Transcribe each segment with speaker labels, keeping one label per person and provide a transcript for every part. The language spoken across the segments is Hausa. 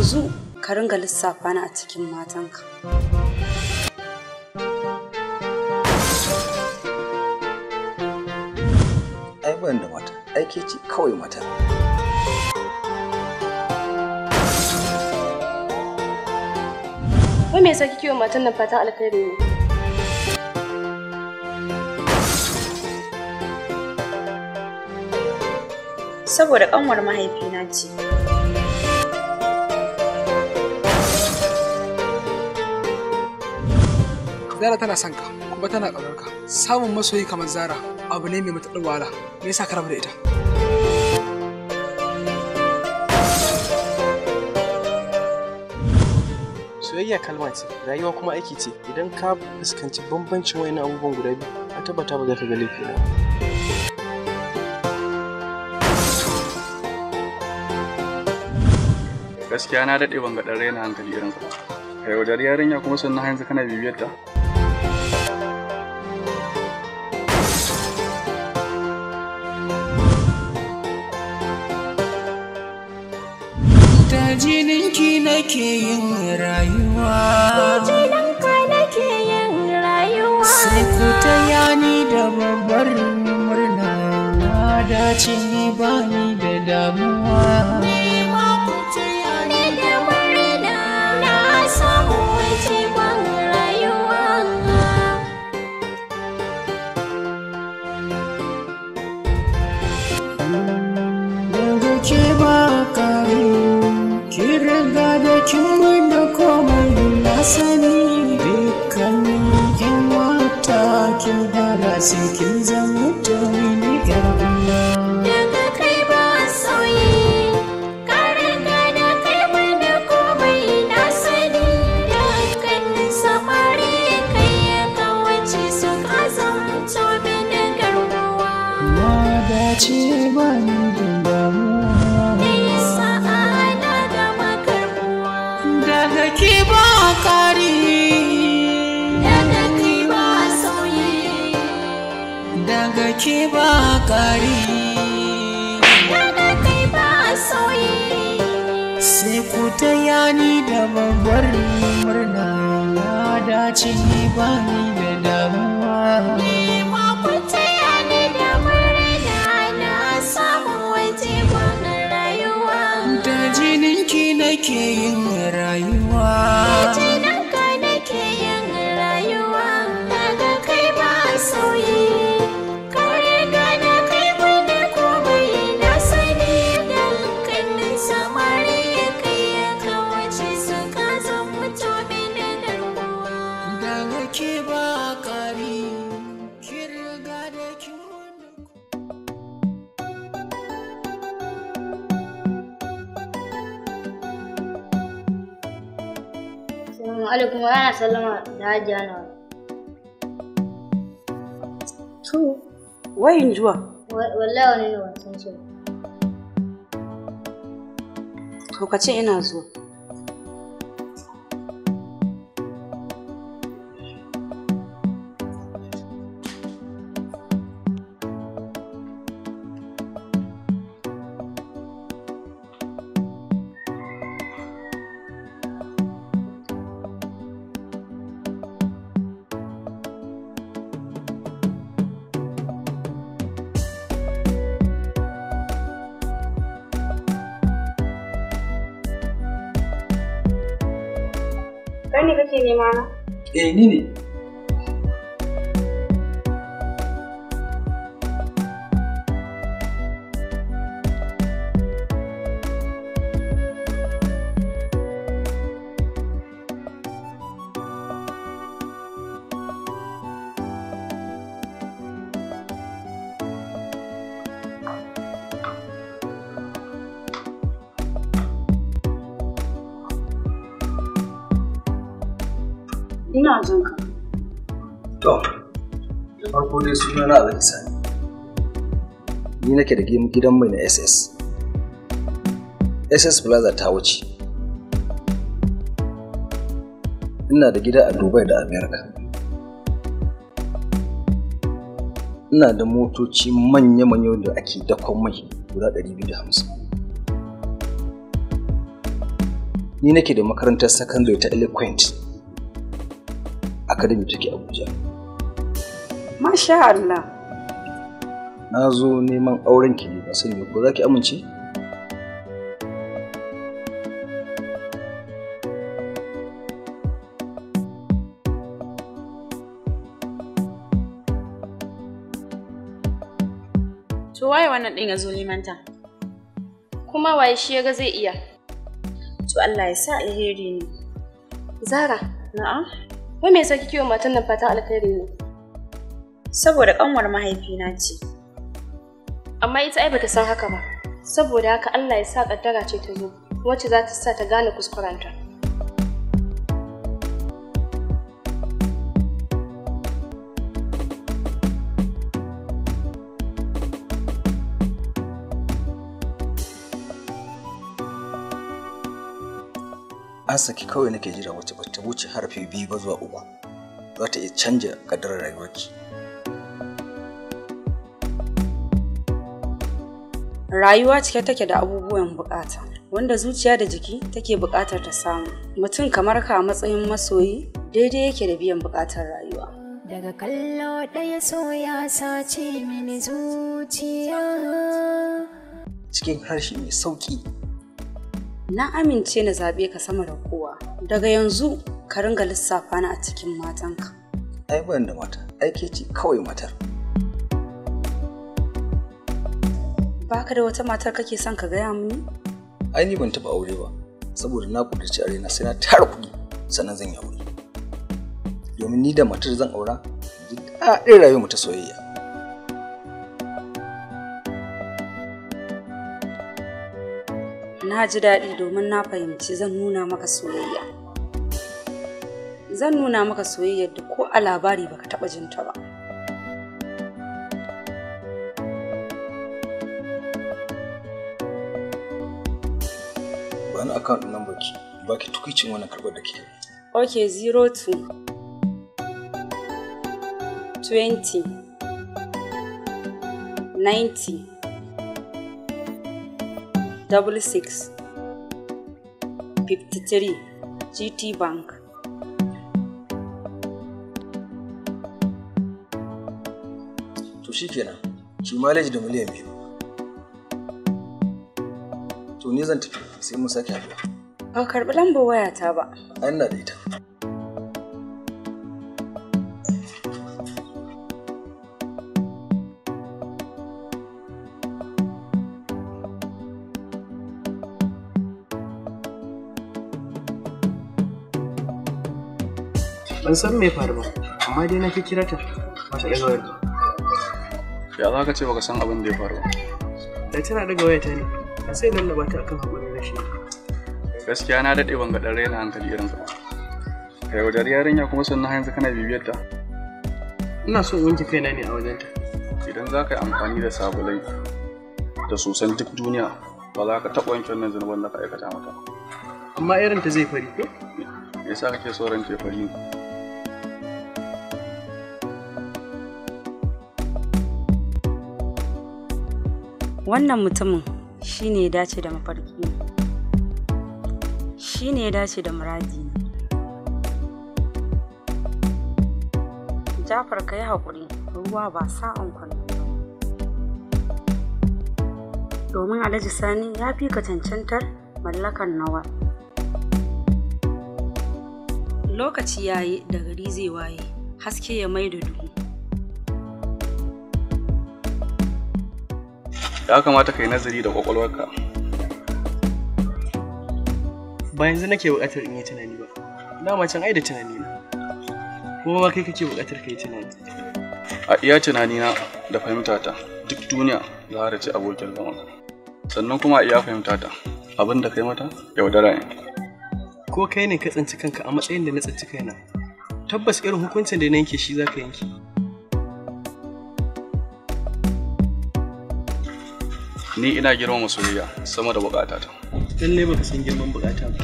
Speaker 1: yanzu ka ringa lissafa ni a cikin matanka.
Speaker 2: Ai ban da mata, aike ce kawai mata.
Speaker 3: Wai me yasa kike wa matan nan fatan alkhairi ne?
Speaker 1: Saboda kanwar mahaifina ce.
Speaker 4: Zara tana son ka kuma tana ƙaunar ka. Samun masoyi kamar Zara abu ne mai matuƙar wahala. Me yasa ka rabu da ita?
Speaker 5: Soyayya kalma ce, rayuwa kuma aiki ce. Idan ka fuskanci bambancin wayannan abubuwan guda biyu, a tabbata ba za ka ga laifi ba. Gaskiya na daɗe ban ga ɗan raina hankali irin ka. Kai wajen yarinya kuma sannan yanzu kana bibiyar ta.
Speaker 6: da jininki nake yin rayuwa jininka nake yin rayuwa sai ku taya ni da babbar murna na dace ni ba ni da damuwa sani dukkanin yan mata kin dara sai kin zama mutumin 请你把你的难忘。
Speaker 2: magana salama da hajiya nawa.
Speaker 1: To, wayin juwa?
Speaker 2: Wallahi wani ne wasan shi.
Speaker 1: To, ce ina zuwa.
Speaker 2: 这里。
Speaker 4: Ina jin ka.
Speaker 2: To, da farko dai suna na Alhaji Sani. Ni nake da gidan mai na SS. SS Plaza ta wuce. Ina da gida a Dubai da America. Ina da motoci manya-manya da ake dakon mai guda 250. Ni nake da makarantar sakandare ta Eloquent academy take abuja
Speaker 1: masha Allah
Speaker 2: na zo neman auren ki ne ba ko za ki amince
Speaker 3: To waye wannan din ya zo limanta? Kuma waye shi ya ga zai iya? To Allah ya sa alheri ne. Zara, na'am? Wai me yasa kike wa matan nan fatan alkhairi ne?
Speaker 1: Saboda kanwar mahaifina ce.
Speaker 3: Amma ita ai bata san haka ba. Saboda haka Allah ya sa kaddara ce ta zo, wacce za ta sa ta gane kuskurenta.
Speaker 2: An saki kawai nake jira wacce ba wuce harfi biyu ba zuwa uku za ta iya canja kadar rayuwarki
Speaker 1: rayuwa cike take da abubuwan bukata wanda zuciya da jiki take bukatar ta samu mutum kamar ka a matsayin masoyi daidai yake da biyan bukatar rayuwa
Speaker 6: daga kallo ɗaya so ya sace
Speaker 1: mini zuciya cikin harshe mai sauki na amince na zaɓe ka sama da kowa daga yanzu ka ringa lissafa ni a cikin matanka.
Speaker 2: Ai ban da mata, aike ce kawai matar.
Speaker 1: Baka da wata matar kake son ka gaya mini?
Speaker 2: Ai ni ban taɓa aure ba, saboda na kudurci arena sai na tara kuɗi sannan zan yi aure. Domin ni da matar zan aura, ji daɗin rayuwar mu ta soyayya.
Speaker 1: na ji daɗi domin na fahimci zan nuna maka soyayya. zan nuna maka soyayyar da ko a labari baka taba jin ta ba.
Speaker 2: Ba ni account number ki, ba ki wannan karbar da kike.
Speaker 1: Ok, 02 20 90 double six fifty three GT Bank.
Speaker 2: to shi kenan shi mileage da miliyan biyu to ni zan tafi sai mun sake haɗuwa ba karɓi lambar wayata ba an na da ita
Speaker 4: ban san me faru ba amma dai na fi ta ba ta ɗaga
Speaker 5: wayar ya za ka ce baka san abin da ya faru
Speaker 4: da tana daga waya ta ne a sai lallaba ta akan haƙurin shi
Speaker 5: gaskiya na daɗe ban ga ɗan raina hankali irin ka ka yaudar yarinya kuma sannan yanzu kana bibiyar ta ina so wanke kaina ne a wajenta idan za ka yi amfani da sabulai da sosan duk duniya ba za ka taɓa wanke wannan zunuban da ka aikata mata amma irin ta zai fari ko me yasa kake so ran ke fari
Speaker 1: wannan mutumin shi ne ya dace da mafarki ne. shi ne ya dace da muradi jafar ka yi haƙuri ruwa ba sa'an kwanu domin alhaji sani ya fi ka cancantar mallakan nawa lokaci ya yi da gari zai waye haske ya mai da duhu
Speaker 5: ya kamata ka yi nazari da kwakwalwarka ba yanzu nake buƙatar in yi tunani ba dama can ai da tunani na kuma ma kai kake buƙatar ka yi tunani a iya tunanina da fahimtata duk duniya za ta ci abokin zama sannan kuma a iya fahimtata abin da kai mata yaudara ne ko kai ne ka tsinci kanka a matsayin da na tsinci kaina tabbas irin hukuncin da na yanke shi za ka yanke ni ina girma masoyiya sama da bukata ta ne baka san girman bukata ba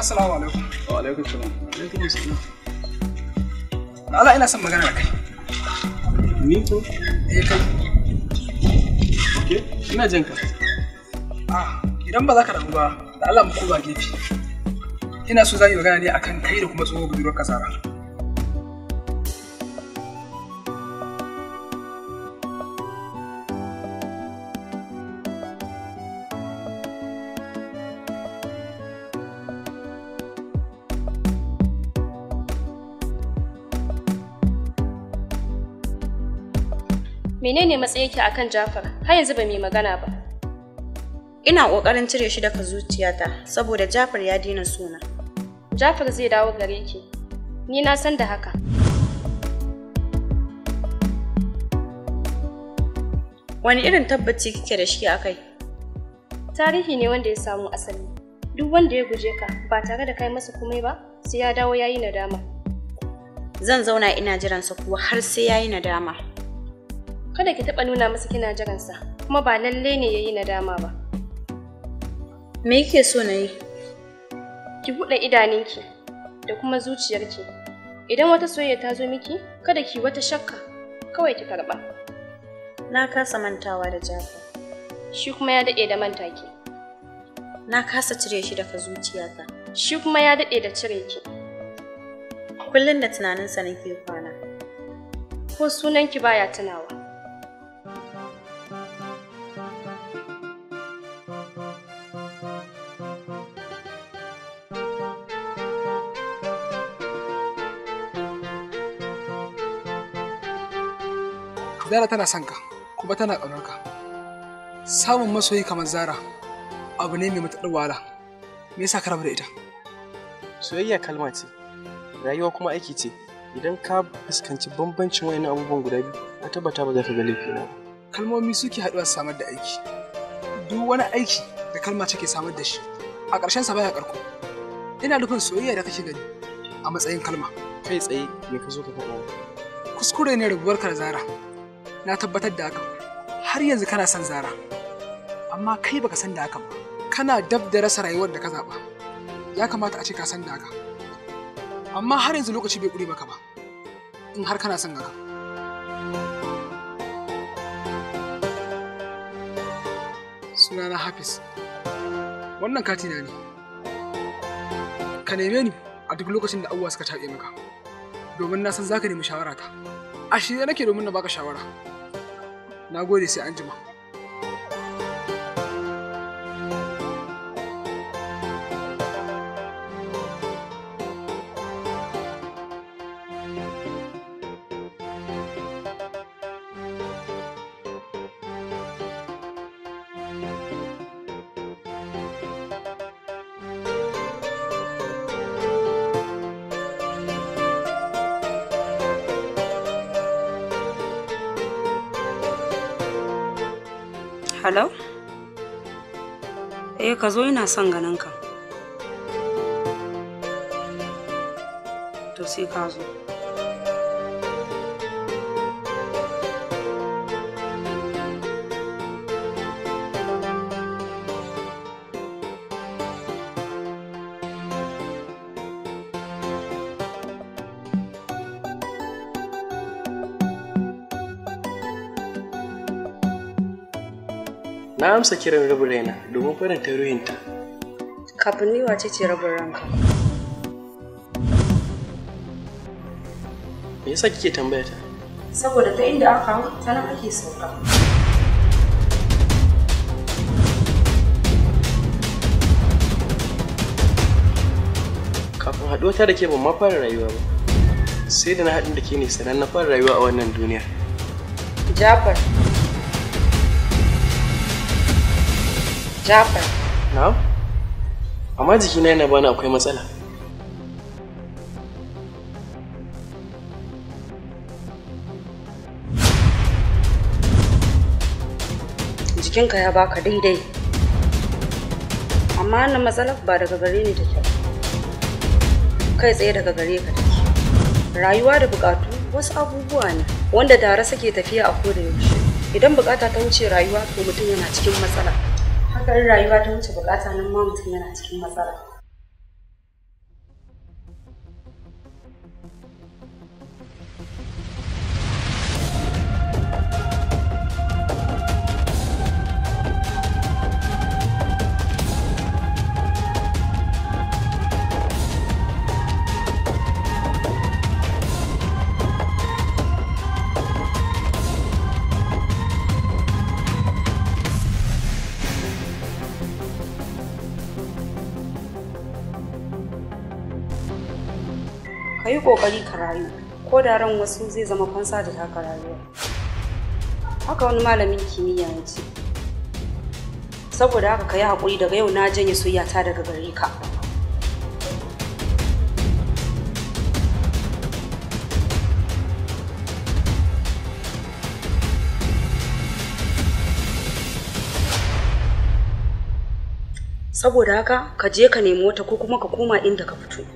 Speaker 4: assalamu alaikum wa alaikum salam alaikum assalam Allah ina son magana da kai ni ko eh kai Ke ina jin ka ah idan ba za ka rabu ba da Allah mu koma gefe ina so zan yi magana ne akan kai da kuma tsohon budurwar kasara
Speaker 3: Menene matsayinki akan Jafar? Har yanzu ba mai magana ba. Ina ƙoƙarin cire shi daga zuciyata saboda Jafar ya dina suna. Jafar zai dawo gare ki. Ni na san da haka. Wani irin tabbaci kike da shi akai Tarihi ne wanda ya samu asali. Duk wanda ya guje ka ba tare da kai masa komai ba, sai ya dawo yayi nadama. Zan zauna ina jiransa kuwa har sai yayi nadama. kada ki taɓa nuna masa kina jiransa kuma ba lalle ne ya yi nadama ba. Me yake so na yi? Ki buɗe idaninki da kuma zuciyarki. Idan wata soyayya ta zo miki, kada ki wata shakka, kawai ki karɓa. Na kasa mantawa da jafa. Shi kuma ya daɗe da manta Na kasa cire shi daga zuciyata. Shi kuma ya daɗe da cire ki. Kullum da tunaninsa nake kwana. Ko sunanki baya tunawa.
Speaker 4: Zara tana son ka kuma tana ƙaunar ka. Samun masoyi kamar Zara abu ne mai matuƙar wahala. Me yasa ka rabu da ita? Soyayya kalma ce, rayuwa kuma aiki ce. Idan ka fuskanci bambancin wayannan abubuwan guda biyu, a tabbata ba za ka ga laifi ba. Kalmomi suke haɗuwa su samar da aiki. Duk wani aiki da kalma ce ke samar da shi. A ƙarshen sa baya ƙarko. Ina nufin soyayya da kake gani a matsayin kalma. Kai tsaye me ka zo ka faɗa? Kuskure ne ka da Zara. na tabbatar da hakan har yanzu kana son zara amma kai baka san da hakan ba kana dab da rasa rayuwar da ka zaba ya kamata a ce ka san da haka amma har yanzu lokaci bai kure maka ba in har kana son haka sunana hafiz wannan katina ne ka neme ni a duk lokacin da abubuwa suka taɓe maka domin na san za ka nemi shawara ta. a shirye nake domin na baka shawara na gode sai anjima
Speaker 1: Hello? Eh, ka zo ina son ganin ka. To sai ka zo.
Speaker 5: amsa kiran rabin raina domin farin tarihinta.
Speaker 1: Kafin ni wace ce rabin ranka?
Speaker 5: Me yasa kike tambaya ta?
Speaker 1: Saboda ta inda aka hau ta nan ake sauka.
Speaker 5: Kafin haɗuwa ta da ke ban ma fara rayuwa ba. Sai da na haɗin da ke ne sanan na fara rayuwa a wannan duniyar.
Speaker 1: Jafar. Jafar.
Speaker 5: Na? Amma jikina yana bani akwai matsala.
Speaker 1: Jikinka ya baka daidai. Amma wannan matsalar ba daga gare ni take. Kai tsaye daga gare ka take. Rayuwa da bukatu wasu abubuwa ne wanda tare suke tafiya a koda yaushe. Idan bukata ta wuce rayuwa to mutum yana cikin matsala. ɗan rayuwa ta wuce bukata nan ma mutum yana cikin matsala kokari ka rayu ko da ran wasu zai zama fansa da taka rayuwa haka wani malamin kimiyya ya ce saboda haka ka yi haƙuri daga yau na janye soyayyata daga gare ka saboda haka ka je ka nemi wata ko kuma ka koma inda ka fito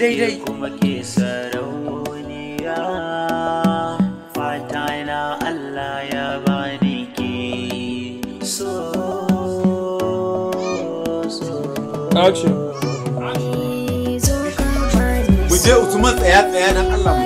Speaker 6: daidai kuma ke sarauniya fata na Allah ya bani ke so
Speaker 2: action Usman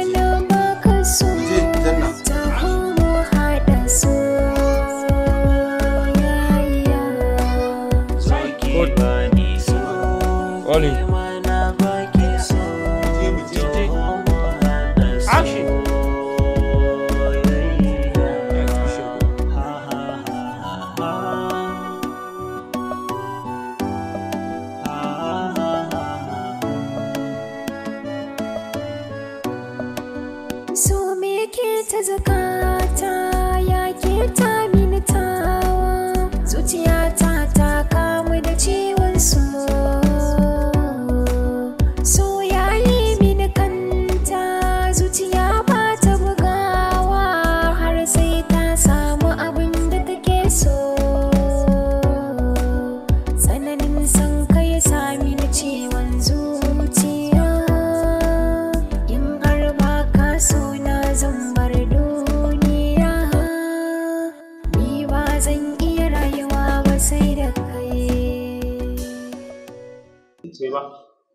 Speaker 2: sai ba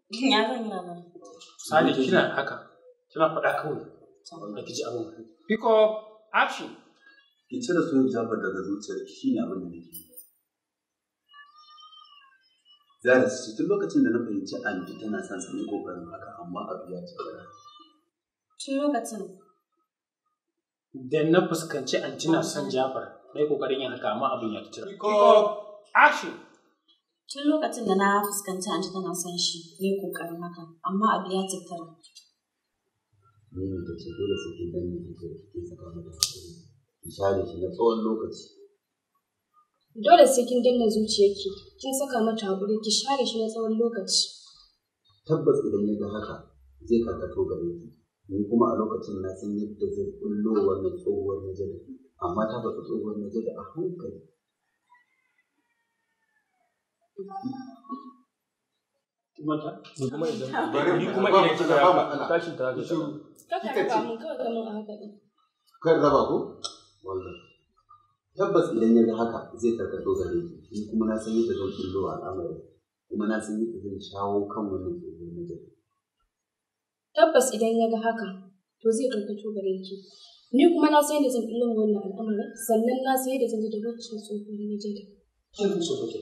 Speaker 6: ya zan yi mana
Speaker 2: sali kina haka kina faɗa kawai da kiji abin pick up action ki cire sun jabar daga zuciyar shi ne abin da nake zara su tun lokacin da na fahimci anti tana son sani kokarin haka amma abu ya ci
Speaker 3: tun lokacin
Speaker 2: da na fuskanci anti na son jabar na yi kokarin yin haka amma abin ya ci
Speaker 3: action tun lokacin da na fuskanci an tana son shi ne kokarin haka amma abu ya tattara
Speaker 2: ne da ce dole sai kin danne ki ko ki saka mata hakuri ki share shi na tsawon lokaci
Speaker 3: dole sai kin danna zuciyarki kin saka mata hakuri ki share shi na tsawon lokaci
Speaker 2: tabbas idan ya ga haka zai karkato gare ki ni kuma a lokacin na san yadda zai kullo wannan tsohuwar najada amma ta faɗi tsohuwar najada a hankali ni kuma idan kika ya tashin ta ga shi
Speaker 3: kaka ba mun kawai ga a haka din
Speaker 2: kar raba ko wallahi tabbas idan ya ga haka zai karkato gare ki ni kuma na san yadda zan kullo al'amarin kuma na san yadda zan shawo kan wani tsoro na gari
Speaker 3: tabbas idan ya ga haka to zai karkato gare ki ni kuma na san yadda zan kullo wannan al'amarin sannan na san yadda zan yi da wancan tsoro na gari
Speaker 4: kin so kake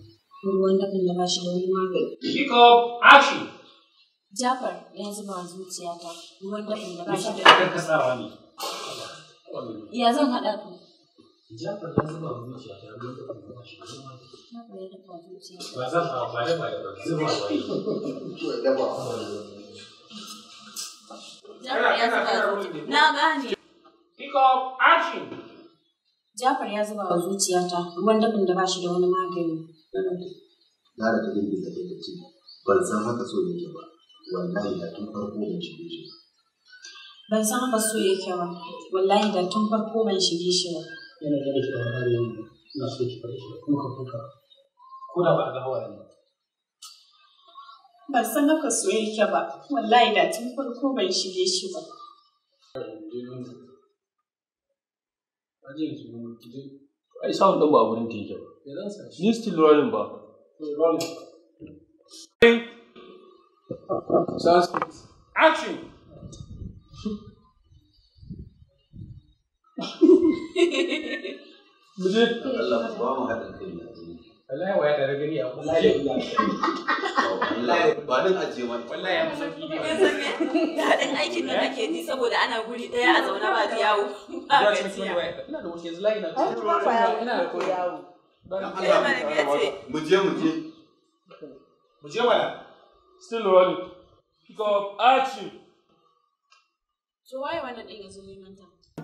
Speaker 3: ruwan dakan da ba shi da wani magani. Pick Ashi. Jafar ya zuba zuciyata ruwan dakan da ba shi da wani magani. Ya zan haɗa ku.
Speaker 2: Jafar ya zuba zuciyata ruwan dakan da ba shi da
Speaker 6: wani
Speaker 3: magani. Jafar ya dafa zuciyata.
Speaker 6: Ba zan
Speaker 2: ba ba ba ba zuba ba. Jafar ya zuba zuciyata. Na
Speaker 3: gane. Pick Ashi. Jafar ya zuba wa zuciyata ruwan dafin da ba shi da wani magani.
Speaker 2: gara ta dinga da ta ce ban san haka so yake ba wallahi da tun farko ban shige shi ba
Speaker 3: ban san haka so yake ba wallahi da tun farko ban shige shi ba
Speaker 2: yana da rike da kare ne na so ki fara kuka kuka ko da ba ga hawaye ba
Speaker 3: ban san haka so yake ba wallahi da tun farko ban shige shi ba
Speaker 5: Ajiyar su ne, ai sound din ba a gurin take ba ni still rolling ba
Speaker 2: rolling Action! Allah ba mu kai
Speaker 5: wallahi waya da a wallahi wallahi ba nan
Speaker 4: wallahi
Speaker 1: ya aikin nan ji saboda ana guri ɗaya a zauna ba yawo ba
Speaker 4: ina da wuce yanzu layi na ina da ko yawo
Speaker 2: mu je mu je mu je still rolling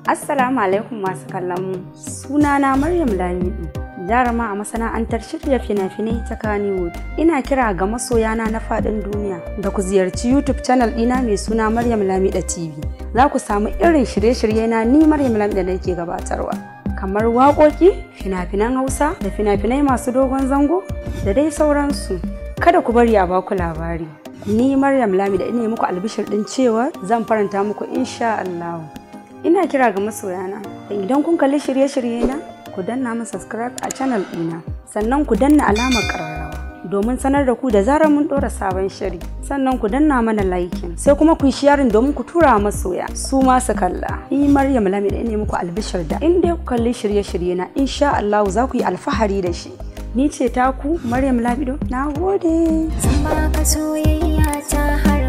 Speaker 1: Assalamu alaikum masu kallon mu sunana Maryam Lamidu jaruma a masana'antar shirya fina-finai ta Kannywood. Ina kira ga masoya na faɗin duniya da ku ziyarci YouTube channel ɗina mai suna Maryam Lamida TV. Za ku samu irin shirye-shirye na ni Maryam Lamida nake gabatarwa. Kamar waƙoƙi, fina-finan Hausa da fina-finai masu dogon zango da dai sauransu. Kada ku bari a ba ku labari. Ni Maryam Lamida ina muku albishir ɗin cewa zan faranta muku insha Allah. Ina kira ga masoyana. Idan kun kalli shirye-shirye na, ku danna min subscribe a channel ɗina sannan ku danna alamar ƙararrawa domin sanar da ku da zarar mun ɗora sabon shiri sannan ku danna mana laikin sai kuma ku yi sharing domin ku tura masoya su ma su kalla ni Maryam Lamida ne muku albishir da in dai ku kalli shirye-shirye na insha Allah za ku yi alfahari da shi ni ce taku Maryam Labido na gode. Zan ka soyayya ta har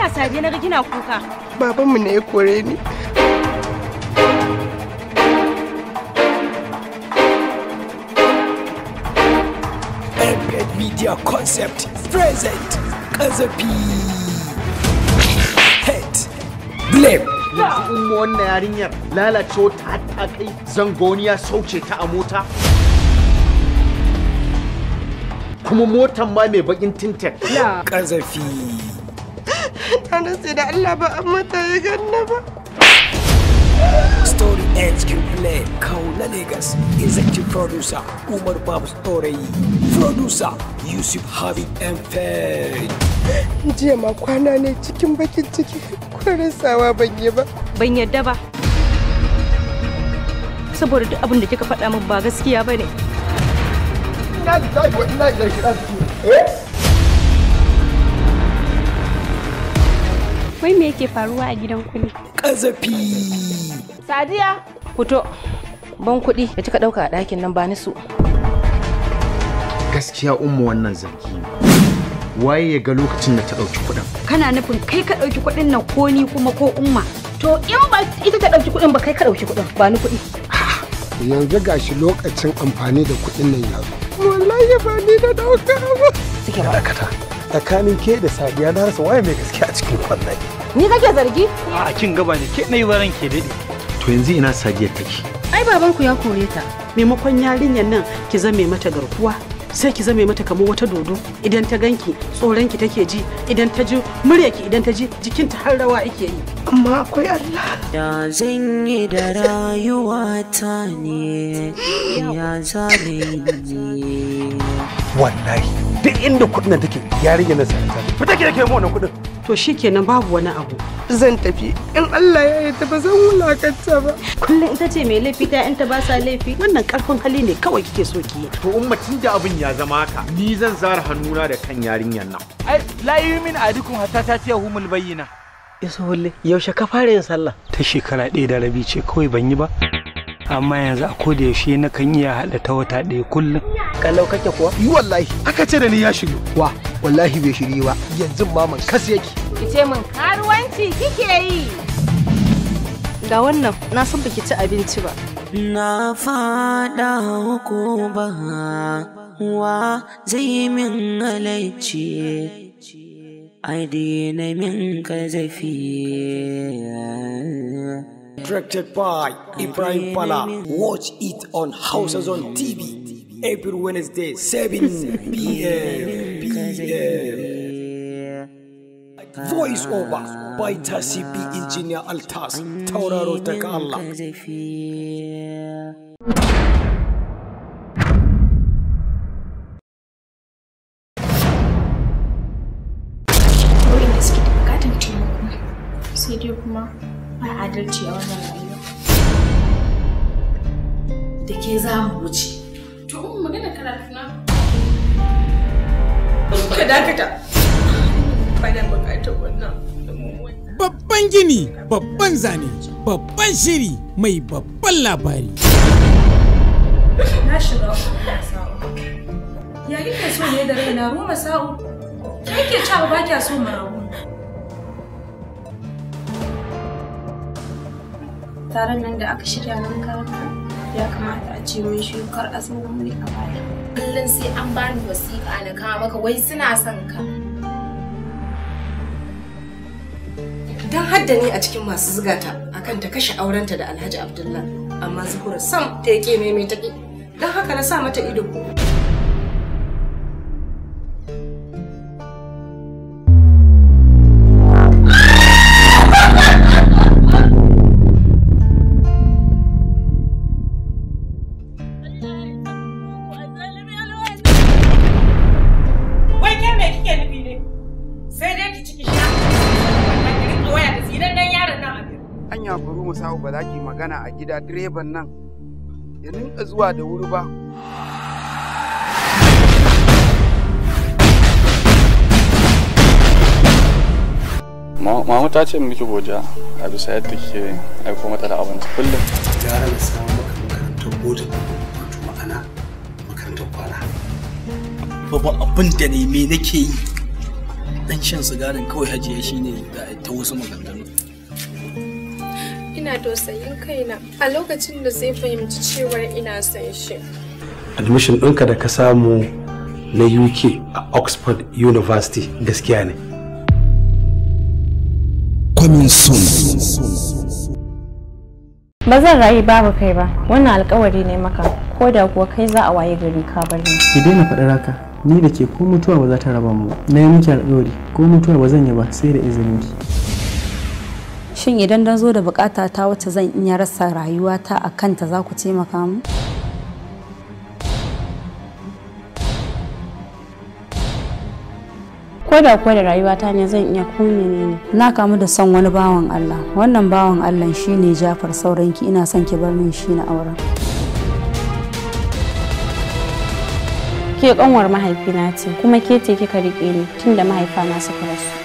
Speaker 1: lafiya sadi na ga kina kuka
Speaker 4: babanmu ne ya kore ni
Speaker 2: Media Concept present Kazafi Head Blame yanzu in wannan yarinyar lalacewa ta ta kai zangoniya sauce ta a mota kuma motan ma mai bakin tintin kazafi Ana sai da Allah ba an mata ya ganna ba. Story and screenplay Kaula Lagos Executive Producer Umar Babu Storayi Producer Yusuf Harvey M.
Speaker 4: Jiya ma kwana ne cikin bakin ciki ko kwarasawa ban yi ba. Ban yadda ba.
Speaker 3: Saboda duk abin da kika faɗa min ba gaskiya ba ne. Ina
Speaker 1: da tafi wa ina da
Speaker 3: shi Wai me yake faruwa a gidan ku ne? Kazafi. Sadiya, fito. Ban kuɗi da cika ɗauka a ɗakin nan ba ni su.
Speaker 2: Gaskiya ummu wannan zargi Waye ya ga lokacin da ta ɗauki kuɗin?
Speaker 1: Kana nufin kai ka ɗauki kuɗin nan ko ni kuma ko umma? To in ba ita ta ɗauki kuɗin ba kai ka ɗauki kuɗin ba ni kuɗi.
Speaker 4: Yanzu gashi lokacin amfani da kuɗin nan ya zo.
Speaker 2: Wallahi ba ni da ɗauka ba.
Speaker 4: Suke ba. tsakanin ke da sadiya na rasa waye mai
Speaker 2: gaske a cikin wannan ni kake zargi a kin gaba ne ke nayi waran ke dade to yanzu ina sadiya take
Speaker 1: ai baban ku ya kore ta maimakon yarinyar nan ki zame mata garkuwa
Speaker 4: sai ki zame mata kamar wata dodo idan ta ganki tsoron ki take ji idan ta ji muryarki idan ta ji jikinta har rawa yake yi amma akwai Allah ya
Speaker 6: zan yi da rayuwa ta ne ya zame ni
Speaker 2: wallahi
Speaker 4: duk inda kudin take yarinya na sai ta fita ke yake mu wannan kudin to shikenan babu wani abu zan tafi in Allah ya yi ba zan wulakanta ba
Speaker 1: kullum ita ce mai laifi ta yanta ba sa laifi wannan karfin hali ne kawai kike so ki to umma tun da
Speaker 2: abin
Speaker 6: ya zama haka ni zan zara hannuna da kan yarinyar nan
Speaker 2: ai la min adikum hatta ta tiya humul bayyina isa yaushe ka fara yin sallah ta shekara ɗaya da rabi ce kawai ban yi ba amma yanzu a koda yaushe na kan iya haɗa ta wata ɗaya kullum kalau kake kuwa yi wallahi aka ce da ni ya shiryu wa wallahi bai shiryu ba yanzu mun kas yake
Speaker 3: ki ce min karuwanci kike yi ga wannan na san baki ci abinci ba
Speaker 6: na faɗa ko ba wa zai min ai a daina min kazafi directed by
Speaker 2: Ibrahim Pala. Watch it on Houses on TV every Wednesday, 7 p.m. p.m.
Speaker 6: Voice over
Speaker 2: by Tasibi Engineer Altas, Tauraro Taka Allah.
Speaker 6: sai dai kuma adalci a wannan rayuwa da ke za mu wuce
Speaker 3: to in magana karatu na ka dakata ba bukatar
Speaker 1: wannan
Speaker 4: babban gini babban zane babban shiri mai babban labari
Speaker 1: na shiga so ne da ke cewa ba kya so mu rabu taron nan da
Speaker 3: aka shirya nan karanta ya kamata a ce mun shukar asalin ne a baya kullum sai an bani wasiƙa na kama maka wai suna son ka dan hadda ni a cikin masu zugata akan ta kashe aurenta da Alhaji Abdullah amma Zuhura sam ta yake mai mai dan haka na sa mata ido
Speaker 4: da direban nan ya rinka zuwa da wuri ba
Speaker 5: Mamu ta ce miki goja a bisa yadda kike aiko mata da abinci kullum.
Speaker 2: Gara na maka makarantar goja wato ma'ana makarantar kwana. Babban abin da ne me nake yi dan shan sigarin kawai hajiya shine ta wasu maganganu.
Speaker 3: ina tausayin kaina a lokacin da zai fahimci cewar ina son shi.
Speaker 2: Admission ɗinka da ka samu na UK a Oxford University gaskiya ne.
Speaker 6: Coming Ba zan
Speaker 3: rayu babu kai ba, wannan alkawari ne maka, ko da kuwa kai za a waye gari ka bar ni.
Speaker 5: Ki daina faɗar haka, ni da ke ko mutuwa ba za ta raba mu, na yi miki alkawari ko mutuwa ba zan yi ba sai da
Speaker 6: izinin ki.
Speaker 1: shin idan dan zo da bukata ta wacce zan iya rasa rayuwata a kanta za ku taimaka mu ko da kuwa da rayuwata ne zan iya ne ne na kamu da son wani bawan Allah wannan bawan Allah shine Jafar sauranki ina son ki bar min shi na auren ke kanwar mahaifina ce kuma ke ce kika rike ni tunda mahaifa na suka rasu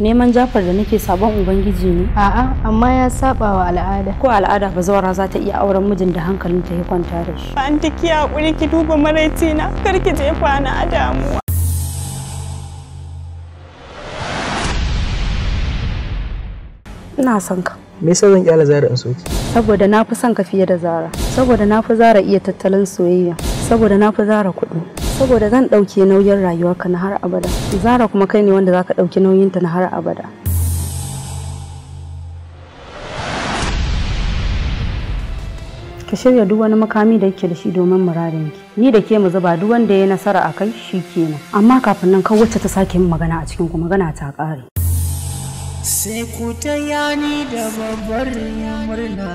Speaker 1: neman jafar da nake sabon ubangiji ne a'a amma ya saba wa al'ada ko al'ada ba zawara za ta iya auren mijin da hankalin ta ya kwanta da shi
Speaker 3: an ta kiya kuri ki duba maraici na kar ki je kwana a damuwa
Speaker 1: ina son ka
Speaker 2: me yasa zan kyala zara in soki
Speaker 1: saboda na fi son ka fiye da zara saboda na fi zara iya tattalin soyayya saboda na fi zara kuɗi saboda zan ɗauke nauyin rayuwarka na har abada zara kuma kai ne wanda zaka ɗauki nauyinta na har abada ka shirya duk wani makami da yake da shi domin muradin ki ni da ke mu zuba duk wanda ya nasara a kai shi kenan amma kafin nan kawai wacce ta sake min magana a cikin ku magana ta ƙare
Speaker 6: sai ku ta yani da babbar murna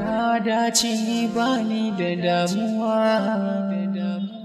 Speaker 6: na dace ba ni da da damuwa